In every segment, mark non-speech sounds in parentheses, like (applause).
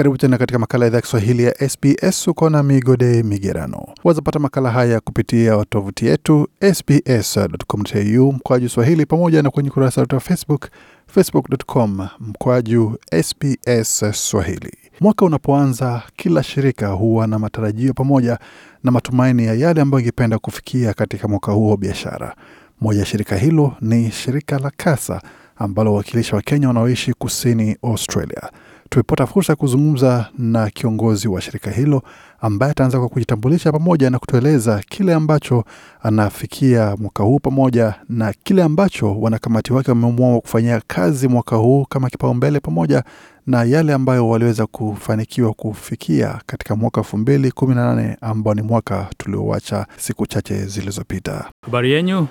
Karibu tena katika makala ya idhaa Kiswahili ya SBS. Uko na Migode Migerano. Wazapata makala haya kupitia tovuti yetu sbs.com.au mkoaju swahili, pamoja na kwenye kurasa wetu wa Facebook, facebook.com mkoaju SBS Swahili. Mwaka unapoanza, kila shirika huwa na matarajio pamoja na matumaini ya yale ambayo ingependa kufikia katika mwaka huo wa biashara. Moja ya shirika hilo ni shirika la Kasa ambalo wawakilishi wa Kenya wanaoishi kusini Australia tumepata fursa ya kuzungumza na kiongozi wa shirika hilo ambaye ataanza kwa kujitambulisha pamoja na kutueleza kile ambacho anafikia mwaka huu pamoja na kile ambacho wanakamati wake wameamua kufanyia kazi mwaka huu kama kipaumbele pamoja na yale ambayo waliweza kufanikiwa kufikia katika mwaka elfu mbili kumi na nane ambao ni mwaka tuliowacha siku chache zilizopita. Habari yenyu, uh,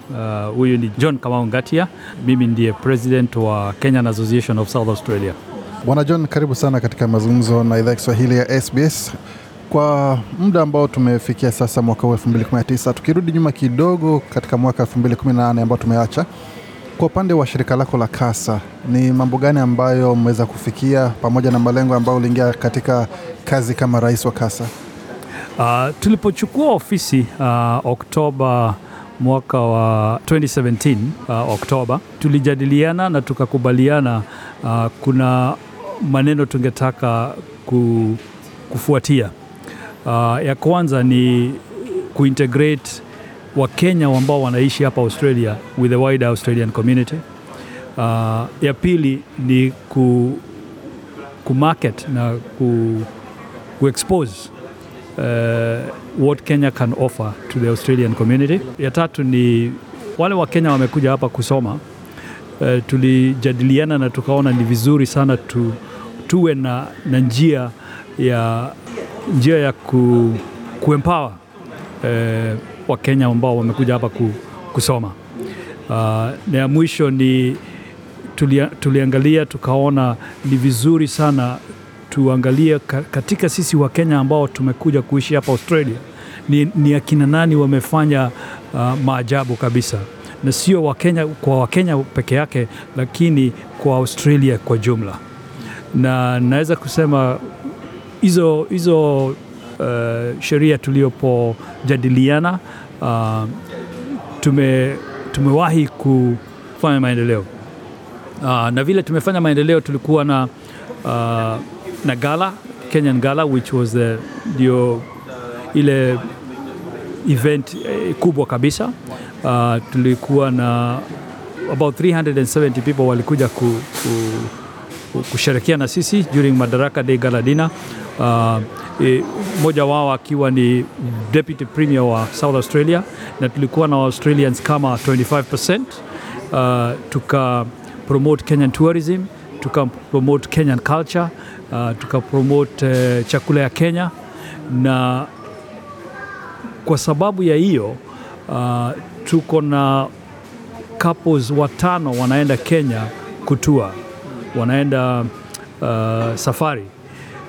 huyu uh, ni John Kamau Ngatia. Mimi ndiye president wa Kenyan Association of South Australia. Bwana John, karibu sana katika mazungumzo na idhaa ya Kiswahili ya SBS. Kwa muda ambao tumefikia sasa mwaka huu 219 tukirudi nyuma kidogo katika mwaka 218 ambao tumeacha, kwa upande wa shirika lako la Kasa, ni mambo gani ambayo mmeweza kufikia pamoja na malengo ambayo uliingia katika kazi kama rais wa Kasa? Uh, tulipochukua ofisi uh, Oktoba mwaka wa 2017 uh, ah, Oktoba, tulijadiliana na tukakubaliana uh, kuna maneno tungetaka ku, kufuatia. Uh, ya kwanza ni kuintegrate Wakenya ambao wanaishi hapa Australia with the wider Australian community. Uh, ya pili ni ku, ku market na ku, ku expose uh, what Kenya can offer to the Australian community. Ya tatu ni wale Wakenya wamekuja hapa kusoma. Uh, tulijadiliana na tukaona ni vizuri sana tu, tuwe na, na njia ya, njia ya ku, kuempower eh, Wakenya ambao wamekuja hapa ku, kusoma. Uh, na ya mwisho ni tulia, tuliangalia tukaona ni vizuri sana tuangalie katika sisi Wakenya ambao tumekuja kuishi hapa Australia ni, ni akina nani wamefanya uh, maajabu kabisa na sio Wakenya kwa Wakenya peke yake, lakini kwa Australia kwa jumla na naweza kusema hizo hizo uh, sheria tuliopojadiliana uh, ah, tume, tumewahi kufanya maendeleo uh, na vile tumefanya maendeleo tulikuwa na, uh, na gala Kenyan Gala which was the ndio ile event eh, kubwa kabisa uh, tulikuwa na about 370 people walikuja ku, ku kusherekea na sisi during Madaraka Day Gala Dinner. Uh, e, eh, mmoja wao akiwa ni Deputy Premier wa South Australia na tulikuwa na Australians kama 25%. Uh, tuka promote Kenyan tourism, tuka promote Kenyan culture, uh, tuka promote uh, chakula ya Kenya na kwa sababu ya hiyo uh, tuko na couples watano wanaenda Kenya kutua wanaenda uh, safari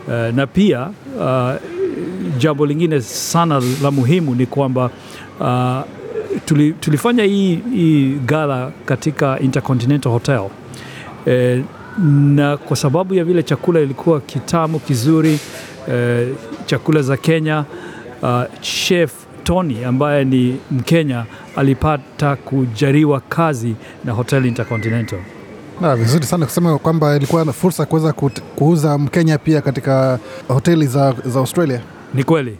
uh, na pia uh, jambo lingine sana la muhimu ni kwamba uh, tuli, tulifanya hii, hii gala katika Intercontinental Hotel uh, na kwa sababu ya vile chakula ilikuwa kitamu kizuri uh, chakula za Kenya uh, chef Tony ambaye ni Mkenya alipata kujariwa kazi na Hotel Intercontinental. Na vizuri sana kusema kwamba ilikuwa na fursa kuweza kuuza Mkenya pia katika hoteli za, za Australia. Ni kweli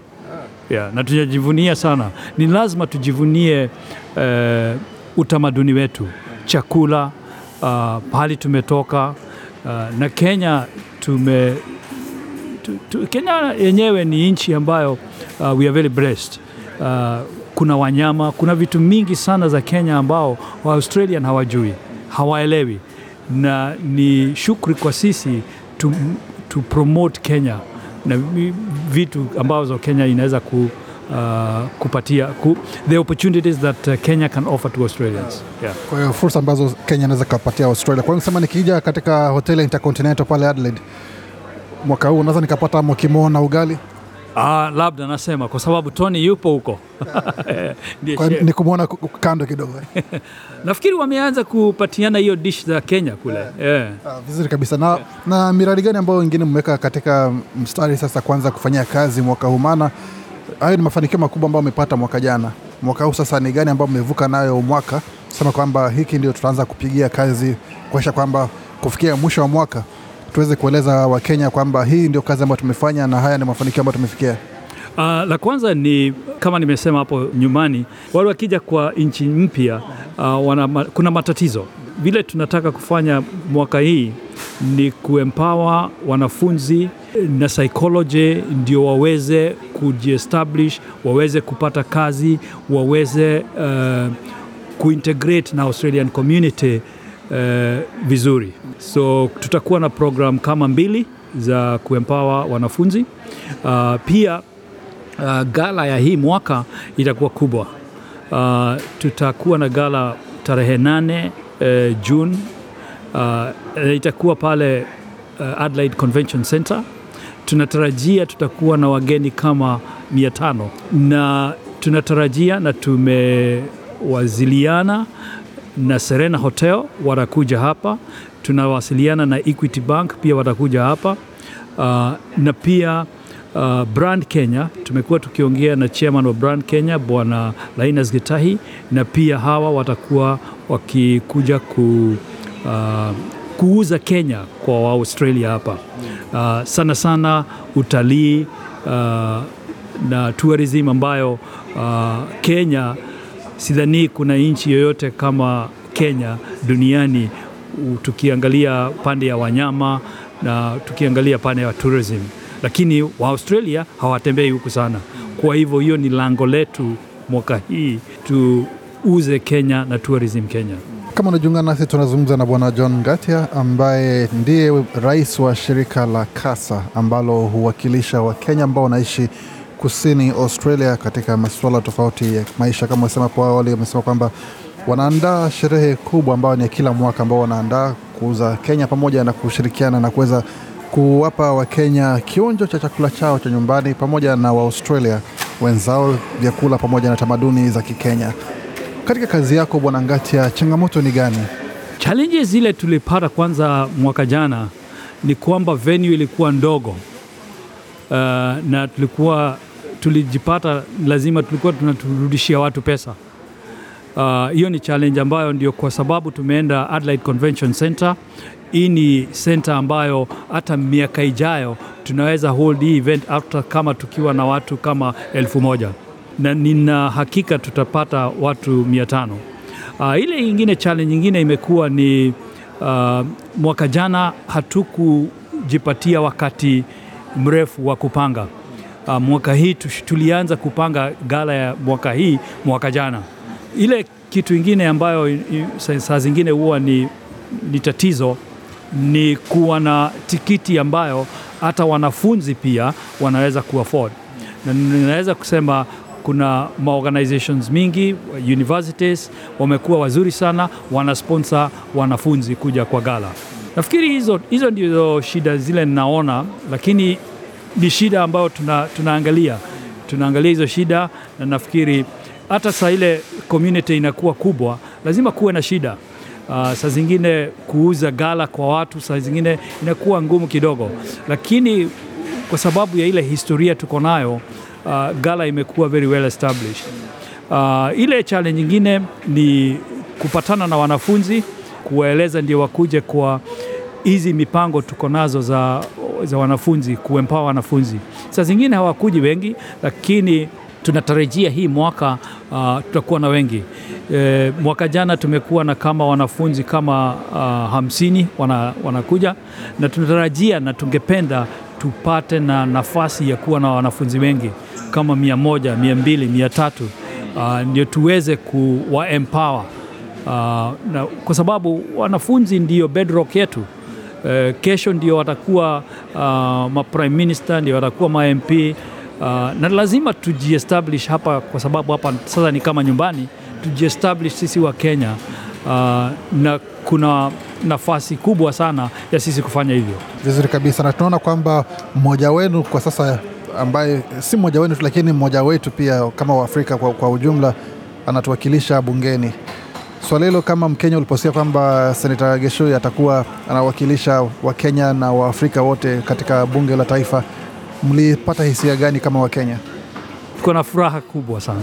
yeah, na tunajivunia sana. Ni lazima tujivunie uh, utamaduni wetu, chakula uh, pahali tumetoka uh, na Kenya tume tu, tu, Kenya yenyewe ni nchi ambayo uh, we are very blessed uh, kuna wanyama, kuna vitu mingi sana za Kenya ambao Waaustralian hawajui, hawaelewi na ni shukri kwa sisi to, to promote Kenya na vitu ambazo Kenya inaweza ku, uh, kupatia ku, the opportunities that uh, Kenya can offer to Australians. Yeah. Kwa hiyo fursa ambazo Kenya inaweza kupatia Australia. Kwa hiyo nasema nikija katika hoteli Intercontinental pale Adelaide mwaka huu naweza nikapata mokimo na ugali Ah, labda nasema kwa sababu Tony yupo huko (laughs) ni kumwona kando kidogo (laughs) nafikiri wameanza kupatiana hiyo dish za Kenya kule yeah. Yeah. Ah, vizuri kabisa na, yeah. na miradi gani ambayo wengine mmeweka katika mstari sasa kwanza kufanyia kazi mwaka huu maana hayo ni mafanikio makubwa ambayo amepata mwaka jana mwaka huu sasa ni gani ambayo mmevuka nayo mwaka sema kwamba hiki ndio tutaanza kupigia kazi kuonyesha kwamba kufikia mwisho wa mwaka tuweze kueleza Wakenya kwamba hii ndio kazi ambayo tumefanya na haya ni mafanikio ambayo tumefikia? Uh, la kwanza ni kama nimesema hapo nyumbani, wale wakija kwa nchi mpya uh, wana, kuna matatizo. Vile tunataka kufanya mwaka hii ni kuempower wanafunzi na psychology ndio waweze kujiestablish, waweze kupata kazi, waweze uh, kuintegrate na Australian community Eh, vizuri. So tutakuwa na program kama mbili za kuempower wanafunzi. Uh, pia uh, gala ya hii mwaka itakuwa kubwa. Uh, tutakuwa na gala tarehe nane eh, juni Uh, eh, itakuwa pale uh, Adelaide Convention Center. Tunatarajia tutakuwa na wageni kama mia tano na tunatarajia na tumewaziliana na Serena Hotel watakuja hapa. Tunawasiliana na Equity Bank pia watakuja hapa uh, na pia uh, Brand Kenya tumekuwa tukiongea na chairman wa Brand Kenya Bwana Lainas Gitahi, na pia hawa watakuwa wakikuja ku, uh, kuuza Kenya kwa Waaustralia hapa uh, sana sana utalii uh, na tourism ambayo uh, Kenya sidhani kuna nchi yoyote kama Kenya duniani, tukiangalia pande ya wanyama na tukiangalia pande ya tourism, lakini wa Australia hawatembei huku sana. Kwa hivyo hiyo ni lango letu mwaka hii tuuze Kenya na tourism Kenya. Kama unajiunga nasi, tunazungumza na Bwana John Ngatia ambaye ndiye rais wa shirika la Kasa ambalo huwakilisha Wakenya ambao wanaishi kusini Australia katika masuala tofauti ya maisha. Kama wamesema hapo awali, wamesema kwamba wanaandaa sherehe kubwa ambayo ni kila mwaka ambao wanaandaa kuuza Kenya pamoja na kushirikiana na kuweza kuwapa Wakenya kionjo cha chakula chao cha nyumbani pamoja na Waaustralia wenzao vyakula pamoja na tamaduni za Kikenya. Katika kazi yako Bwana Ngatia, changamoto ni gani? Challenges zile tulipata kwanza mwaka jana ni kwamba venue ilikuwa ndogo, uh, na tulikuwa tulijipata lazima tulikuwa tunaturudishia watu pesa. Ah, hiyo uh, ni challenge ambayo ndio kwa sababu tumeenda Adelaide Convention Center. Hii ni center ambayo hata miaka ijayo tunaweza hold hii event after kama tukiwa na watu kama elfu moja na nina hakika tutapata watu mia tano. Uh, ile ingine challenge nyingine imekuwa ni uh, mwaka jana hatukujipatia wakati mrefu wa kupanga uh, mwaka hii tulianza kupanga gala ya mwaka hii mwaka jana. Ile kitu ingine ambayo saa zingine huwa ni, ni tatizo ni kuwa na tikiti ambayo hata wanafunzi pia wanaweza kuafford, na ninaweza kusema kuna maorganizations mingi universities wamekuwa wazuri sana, wanasponsor wanafunzi kuja kwa gala. Nafikiri hizo, hizo ndizo shida zile ninaona, lakini ni shida ambayo tuna, tunaangalia tunaangalia hizo shida, na nafikiri hata saa ile community inakuwa kubwa, lazima kuwe na shida. Uh, saa zingine kuuza gala kwa watu, saa zingine inakuwa ngumu kidogo, lakini kwa sababu ya ile historia tuko nayo, uh, gala imekuwa very well established. Uh, ile challenge nyingine ni kupatana na wanafunzi kuwaeleza ndio wakuje kwa hizi mipango tuko nazo za za wanafunzi, kuempawa wanafunzi. Saa zingine hawakuji wengi, lakini tunatarajia hii mwaka uh, tutakuwa na wengi e, mwaka jana tumekuwa na kama wanafunzi kama uh, hamsini wana, wanakuja na tunatarajia na tungependa tupate na nafasi ya kuwa na wanafunzi wengi kama mia moja, mia mbili, mia tatu uh, ndio tuweze kuwa uh, na, kwa sababu wanafunzi ndio bedrock yetu uh, kesho ndio watakuwa uh, ah, ma prime minister, ndio watakuwa ma MP uh, ah, na lazima tujiestablish hapa, kwa sababu hapa sasa ni kama nyumbani, tujiestablish sisi wa Kenya uh, na kuna nafasi kubwa sana ya sisi kufanya hivyo vizuri kabisa, na tunaona kwamba mmoja wenu kwa sasa ambaye si mmoja wenu lakini mmoja wetu pia kama Waafrika kwa, kwa ujumla anatuwakilisha bungeni. Swala hilo kama Mkenya uliposikia kwamba Seneta Geshui atakuwa anawakilisha Wakenya na Waafrika wote katika bunge la taifa, mlipata hisia gani kama Wakenya? Tuko na furaha kubwa sana,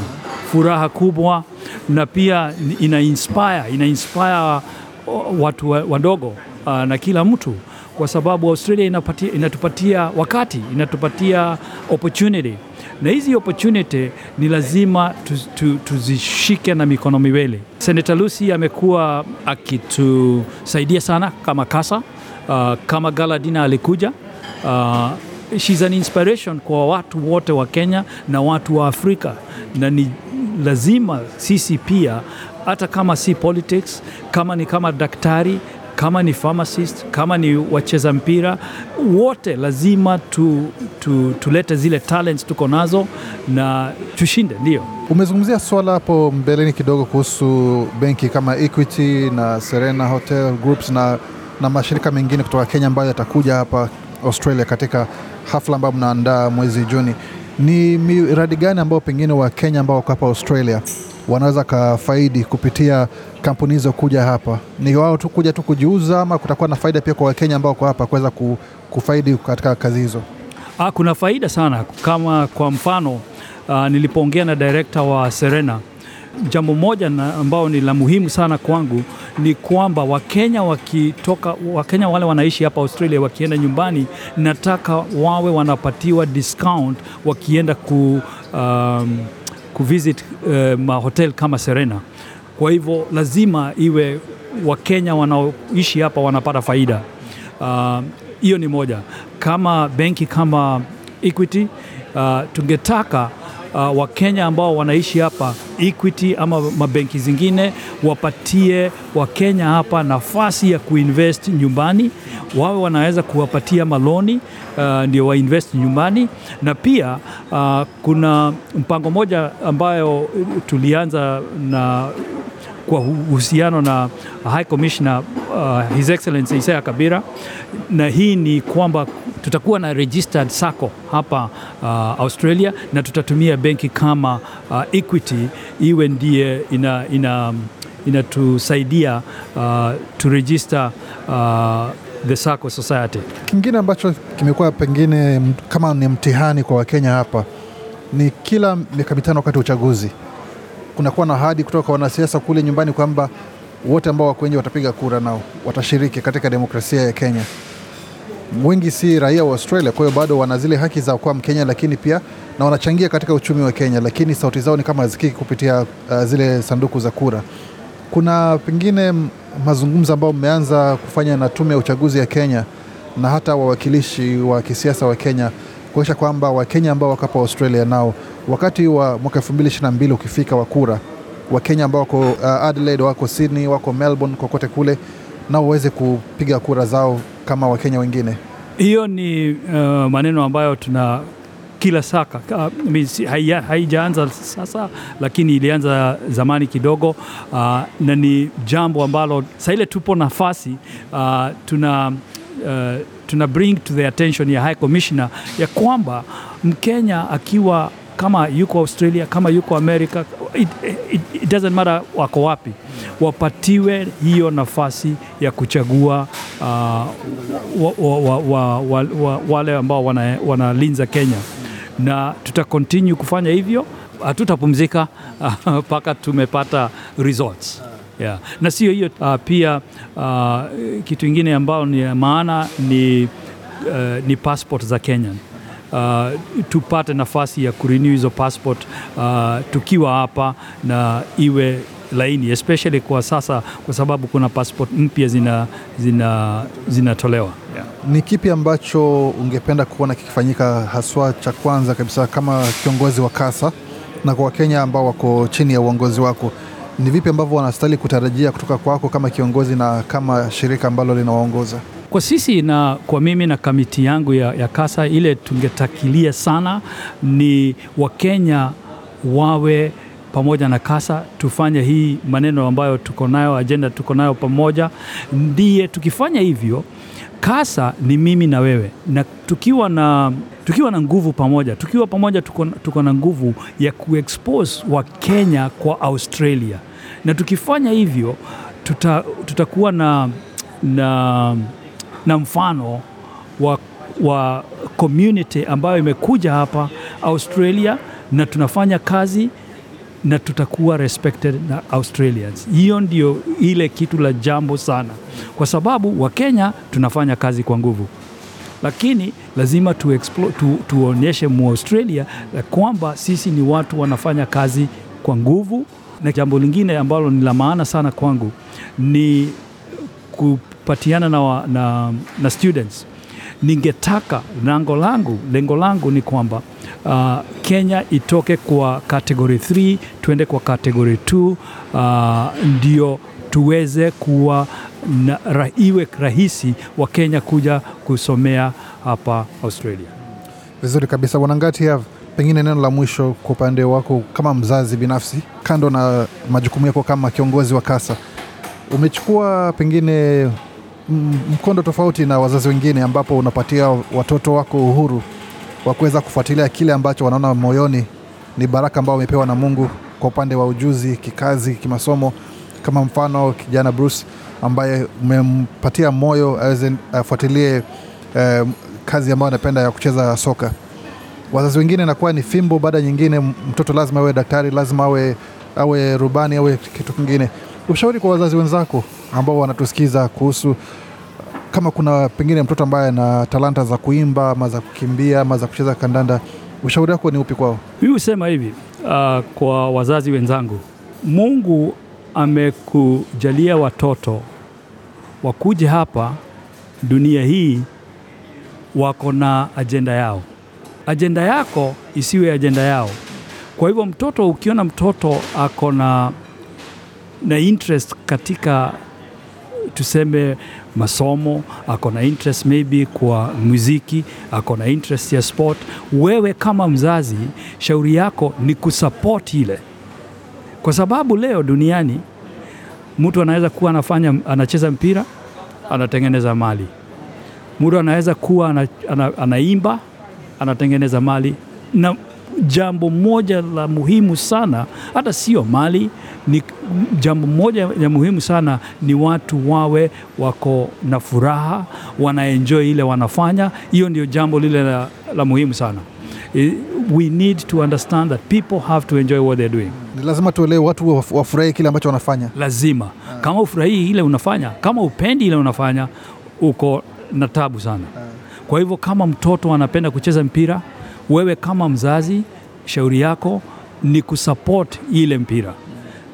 furaha kubwa, na pia ina inspire, ina inspire watu wadogo ah, na kila mtu kwa sababu Australia inapatia, inatupatia wakati, inatupatia opportunity na hizi opportunity ni lazima tuzishike tu, tu na mikono miwili. Seneta Lucy amekuwa akitusaidia sana kama kasa uh, kama Galadina alikuja uh, she's an inspiration kwa watu wote wa Kenya na watu wa Afrika, na ni lazima sisi pia hata kama si politics, kama ni kama daktari, kama ni pharmacist, kama ni wacheza mpira, wote lazima tu, tu, tulete zile talents tuko nazo na tushinde. Ndio umezungumzia swala hapo mbeleni kidogo kuhusu benki kama Equity na Serena Hotel Groups na, na mashirika mengine kutoka Kenya ambayo yatakuja hapa Australia katika hafla ambayo mnaandaa mwezi Juni. Ni miradi gani ambao pengine Wakenya ambao wako hapa Australia wanaweza kafaidi kupitia kampuni hizo kuja hapa? Ni wao tu kuja tu kujiuza, ama kutakuwa na faida pia kwa Wakenya ambao wako hapa kuweza kufaidi katika kazi hizo? Ah, kuna faida sana. Kama kwa mfano, uh, nilipoongea na director wa Serena jambo moja na ambao ni la muhimu sana kwangu ni kwamba Wakenya wakitoka, Wakenya wale wanaishi hapa Australia wakienda nyumbani, nataka wawe wanapatiwa discount wakienda ku, um, kuvisit uh, eh, mahotel kama Serena. Kwa hivyo lazima iwe Wakenya wanaoishi hapa wanapata faida ah, hiyo. Uh, ni moja. Kama benki kama Equity uh, tungetaka uh, ah, Wakenya ambao wanaishi hapa Equity ama mabenki zingine wapatie Wakenya hapa nafasi ya kuinvest nyumbani, wawe wanaweza kuwapatia maloni uh, ndio wainvest nyumbani. Na pia uh, kuna mpango moja ambayo tulianza na kwa uhusiano na High Commissioner uh, His Excellency Isaiah Kabira, na hii ni kwamba tutakuwa na registered sacco hapa uh, Australia na tutatumia benki kama uh, Equity iwe ndiye ina, ina inatusaidia uh, to register uh, the sacco society. Kingine ambacho kimekuwa pengine kama ni mtihani kwa Wakenya hapa ni kila miaka mitano wakati wa uchaguzi kunakuwa na ahadi kutoka kwa wanasiasa kule nyumbani kwamba wote ambao wako nje watapiga kura nao watashiriki katika demokrasia ya Kenya. Wengi si raia wa Australia, kwa hiyo bado wana zile haki za kuwa Mkenya, lakini pia na wanachangia katika uchumi wa Kenya, lakini sauti zao ni kama hazikiki kupitia uh, zile sanduku za kura. Kuna pengine mazungumzo ambayo mmeanza kufanya na tume ya uchaguzi ya Kenya na hata wawakilishi wa kisiasa wa Kenya kuonyesha kwamba Wakenya ambao wako hapa Australia nao Wakati wa mwaka mbili ukifika wa kura, Wakenya ambao wako uh, Adelaide, wako Sydney, wako Melbourne, kokote kule nao waweze kupiga kura zao kama Wakenya wengine. Hiyo ni uh, maneno ambayo tuna kila saka uh, haijaanza sasa, lakini ilianza zamani kidogo uh, na ni jambo ambalo saa ile tupo nafasi uh, tuna uh, tuna bring to the attention ya High Commissioner ya kwamba Mkenya akiwa kama yuko Australia, kama yuko Amerika, it, it, it doesn't matter wako wapi, wapatiwe hiyo nafasi ya kuchagua uh, wa, wa, wa, wa, wa, wale ambao wanalinza wana Kenya, na tuta continue kufanya hivyo, hatutapumzika (laughs) mpaka uh, tumepata results. Yeah. Na sio hiyo uh, pia uh, kitu ingine ambayo ni maana ni, uh, ni passport za Kenya uh, tupate nafasi ya kurenew hizo passport uh, tukiwa hapa na iwe laini especially kwa sasa, kwa sababu kuna passport mpya zinatolewa zina, zinatolewa yeah. Ni kipi ambacho ungependa kuona kikifanyika haswa, cha kwanza kabisa kama kiongozi wa kasa na kwa Wakenya ambao wako chini ya uongozi wako, ni vipi ambavyo wanastahili kutarajia kutoka kwako kama kiongozi na kama shirika ambalo linawaongoza? Kwa sisi na kwa mimi na kamiti yangu ya, ya kasa ile tungetakilia sana ni Wakenya wawe pamoja na kasa, tufanye hii maneno ambayo tuko nayo, ajenda tuko nayo pamoja. Ndiye tukifanya hivyo, kasa ni mimi na wewe, na tukiwa na tukiwa na nguvu pamoja, tukiwa pamoja, tuko, tuko na nguvu ya kuexpose wa kenya kwa Australia, na tukifanya hivyo tuta, tutakuwa na na na mfano wa, wa community ambayo imekuja hapa Australia na tunafanya kazi na tutakuwa respected na Australians. Hiyo ndio ile kitu la jambo sana, kwa sababu Wakenya tunafanya kazi kwa nguvu, lakini lazima tu explore, tu, tuonyeshe Muaustralia kwamba sisi ni watu wanafanya kazi kwa nguvu. Na jambo lingine ambalo ni la maana sana kwangu ni kupatiana na, na, na students ningetaka lango langu lengo langu ni kwamba uh, Kenya itoke kwa category 3 tuende kwa category 2 uh, ndio tuweze kuwa na, ra, iwe rahisi wa Kenya kuja kusomea hapa Australia. Vizuri kabisa Bwana pengine neno la mwisho kwa upande wako kama mzazi binafsi, kando na majukumu yako kama kiongozi wa kasa, umechukua pengine mkondo tofauti na wazazi wengine, ambapo unapatia watoto wako uhuru wa kuweza kufuatilia kile ambacho wanaona moyoni ni baraka ambao wamepewa na Mungu kwa upande wa ujuzi kikazi, kimasomo. Kama mfano kijana Bruce ambaye umempatia moyo aweze afuatilie uh, kazi ambayo anapenda ya kucheza soka. Wazazi wengine nakuwa ni fimbo baada nyingine, mtoto lazima awe daktari, lazima awe awe rubani, awe kitu kingine ushauri kwa wazazi wenzako ambao wanatusikiza kuhusu kama kuna pengine mtoto ambaye ana talanta za kuimba ama za kukimbia ama za kucheza kandanda, ushauri wako ni upi kwao? hii husema hivi uh, kwa wazazi wenzangu, Mungu amekujalia watoto wakuje hapa dunia hii, wako na ajenda yao. Ajenda yako isiwe ajenda yao. Kwa hivyo mtoto, ukiona mtoto ako na na interest katika tuseme masomo, ako na interest maybe kwa muziki, ako na interest ya sport. Wewe kama mzazi, shauri yako ni kusupport ile, kwa sababu leo duniani mtu anaweza kuwa anafanya anacheza mpira, anatengeneza mali. Mtu anaweza kuwa ana, ana, anaimba, anatengeneza mali na jambo moja la muhimu sana, hata sio mali, ni jambo moja la muhimu sana ni watu wawe wako na furaha, wanaenjoy ile wanafanya. Hiyo ndio jambo lile la, la muhimu sana. We need to understand that people have to enjoy what they're doing. Ni lazima tuelewe watu wafurahi kile ambacho wanafanya, lazima. Ah. Kama ufurahii ile unafanya, kama upendi ile unafanya, uko na tabu sana. Ah. Kwa hivyo kama mtoto anapenda kucheza mpira wewe kama mzazi, shauri yako ni kusupport ile mpira.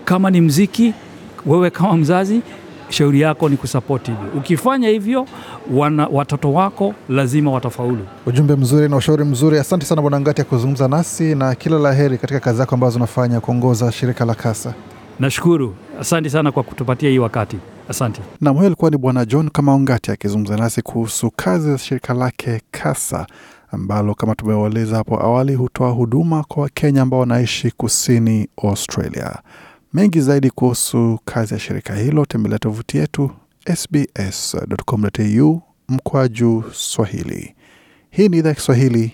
Kama ni mziki, wewe kama mzazi, shauri yako ni kusupport hivyo. Ukifanya hivyo, wana, watoto wako lazima watafaulu. Ujumbe mzuri na ushauri mzuri. Asante sana Bwana Ngati ya kuzungumza nasi na kila la heri katika kazi zako ambazo unafanya kuongoza shirika la Kasa. Nashukuru, asante sana kwa kutupatia hii wakati. Asante. Nam, huyo alikuwa ni Bwana John kama Ngati akizungumza nasi kuhusu kazi za shirika lake Kasa ambalo kama tumewaeleza hapo awali hutoa huduma kwa Wakenya ambao wanaishi kusini Australia. Mengi zaidi kuhusu kazi ya shirika hilo, tembelea tovuti yetu sbs.com.au mkwaju Swahili. Hii ni idhaa ya Kiswahili